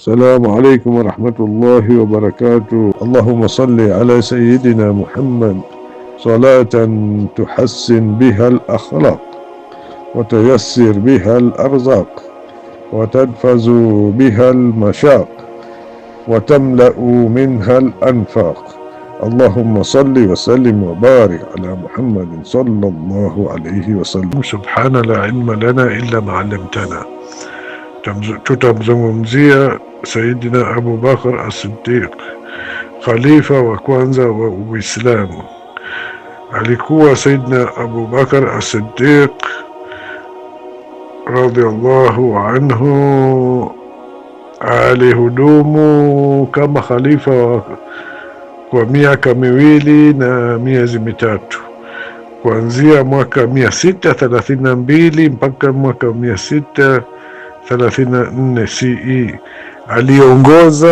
السلام عليكم ورحمة الله وبركاته اللهم صل على سيدنا محمد صلاة تحسن بها الأخلاق وتيسر بها الأرزاق وتدفز بها المشاق وتملأ منها الأنفاق اللهم صل وسلم وبارك على محمد صلى الله عليه وسلم سبحان لا علم لنا إلا ما علمتنا تتمزمزية Sayyidina Abu Bakr as-Siddiq, khalifa wa kwanza wa Uislamu. Alikuwa Sayyidina Abu Bakr as-Siddiq radhiallahu anhu alihudumu kama khalifa wa kwa kuanzia mwaka mia sita thelathini na mbili mpaka mwaka mia sita thelathini na nne CE aliongoza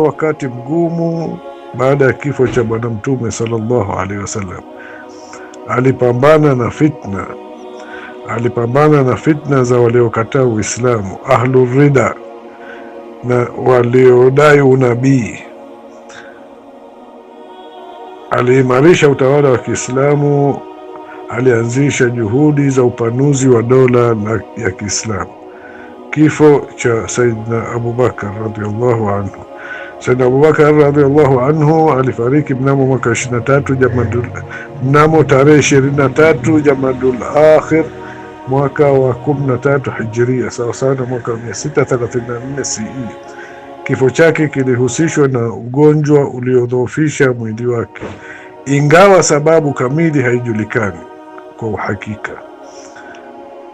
wakati mgumu baada ya kifo cha Bwana Mtume sallallahu alaihi wasallam. Alipambana na fitna, alipambana na fitna za waliokataa Uislamu, ahlurida na waliodai unabii. Aliimarisha utawala wa Kiislamu, alianzisha juhudi za upanuzi wa dola ya Kiislamu. Kifo cha Saidna Abubakar radhiallahu anhu. Saidna Abubakar radhiallahu anhu alifariki mnamo mwaka 23 Jamadul, mnamo tarehe 23 Jamadul Akhir mwaka wa 13 hijria sawa sana mwaka 634 CE. Kifo chake kilihusishwa na ugonjwa uliodhoofisha mwili wake, ingawa sababu kamili haijulikani kwa uhakika.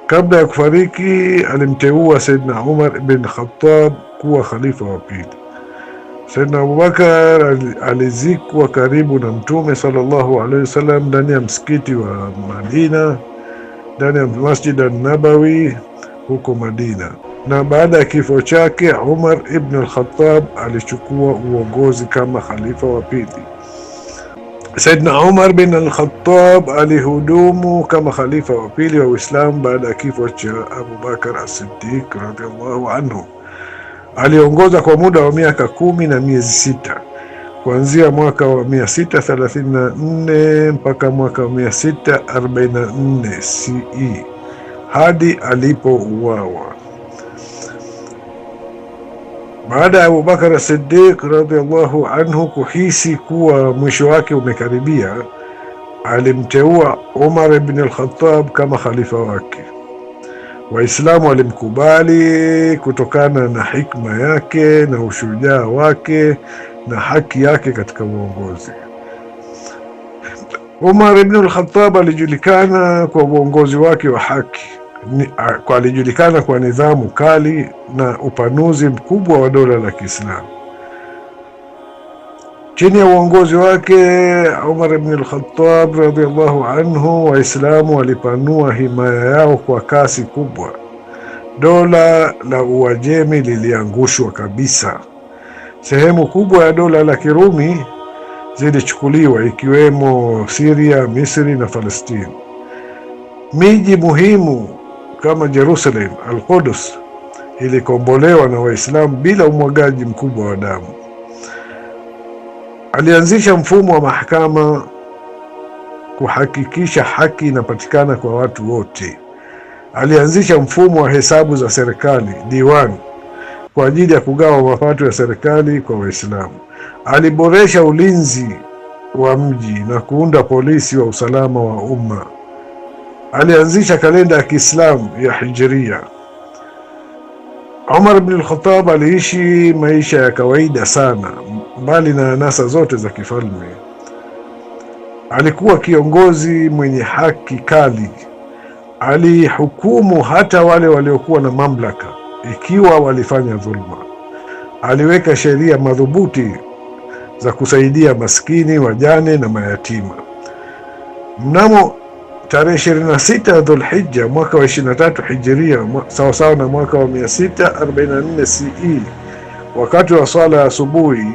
Kabla ya kufariki alimteua Saidna Umar ibn Khattab kuwa khalifa wa pili. Saidna Abubakar alizikwa karibu na Mtume sallallahu alaihi wasallam ndani ya msikiti wa Madina, ndani ya Masjid an-Nabawi huko Madina. Na baada ya kifo chake Umar ibn al-Khattab alichukua uongozi kama khalifa wa pili. Saidna Umar bin Al-Khattab alihudumu kama khalifa wa pili wa Uislamu baada ya kifo cha Abu Bakar As-Siddiq radhiallahu anhu. Aliongoza kwa muda wa miaka kumi na miezi sita kuanzia mwaka wa 634 mpaka mwaka wa 644 CE hadi alipouawa. Baada ya Abubakar Siddiq radhiallahu anhu kuhisi kuwa mwisho wake umekaribia, alimteua Umar ibn al-Khattab kama khalifa wake. Waislamu walimkubali kutokana na hikma yake na ushujaa wake na haki yake katika uongozi. Umar ibn al-Khattab alijulikana kwa uongozi wake wa haki alijulikana kwa nidhamu kali na upanuzi mkubwa wa dola la Kiislamu. Chini ya uongozi wake Umar ibn al-Khattab radhiallahu anhu, Waislamu walipanua himaya yao kwa kasi kubwa. Dola la Uajemi liliangushwa kabisa. Sehemu kubwa ya dola la Kirumi zilichukuliwa, ikiwemo Siria, Misri na Falastini. Miji muhimu kama Jerusalem, al qudus ilikombolewa na Waislamu bila umwagaji mkubwa wa damu. Alianzisha mfumo wa mahakama kuhakikisha haki inapatikana kwa watu wote. Alianzisha mfumo wa hesabu za serikali, diwan kwa ajili ya kugawa mapato ya serikali kwa Waislamu. Aliboresha ulinzi wa mji na kuunda polisi wa usalama wa umma alianzisha kalenda ya Kiislamu ya Hijiria. Umar bin al-Khattab aliishi maisha ya kawaida sana, mbali na anasa zote za kifalme. Alikuwa kiongozi mwenye haki kali, alihukumu hata wale waliokuwa na mamlaka ikiwa walifanya dhulma. Aliweka sheria madhubuti za kusaidia maskini, wajane na mayatima. Mnamo tarehe ishirini na sita Dhulhija mwaka wa ishirini na tatu hijiria sawasawa na mwaka wa mia sita arobaini na nne CE, wakati wa swala ya asubuhi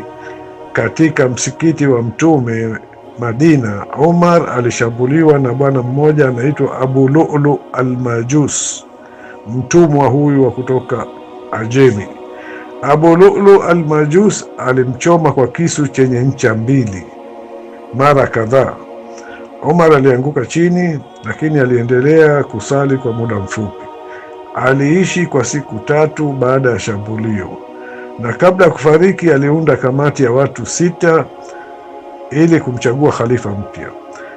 katika msikiti wa Mtume Madina, Umar alishambuliwa na bwana mmoja anaitwa Abu Lulu Almajus, mtumwa huyu wa kutoka Ajemi. Abu Lulu Almajus alimchoma kwa kisu chenye ncha mbili mara kadhaa. Omar alianguka chini, lakini aliendelea kusali kwa muda mfupi. Aliishi kwa siku tatu baada ya shambulio, na kabla ya kufariki aliunda kamati ya watu sita ili kumchagua khalifa mpya.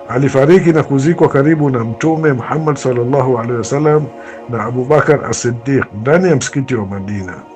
Alifariki na kuzikwa karibu na Mtume Muhammad sallallahu alaihi wasallam na Abubakar As-Siddiq ndani ya msikiti wa Madina.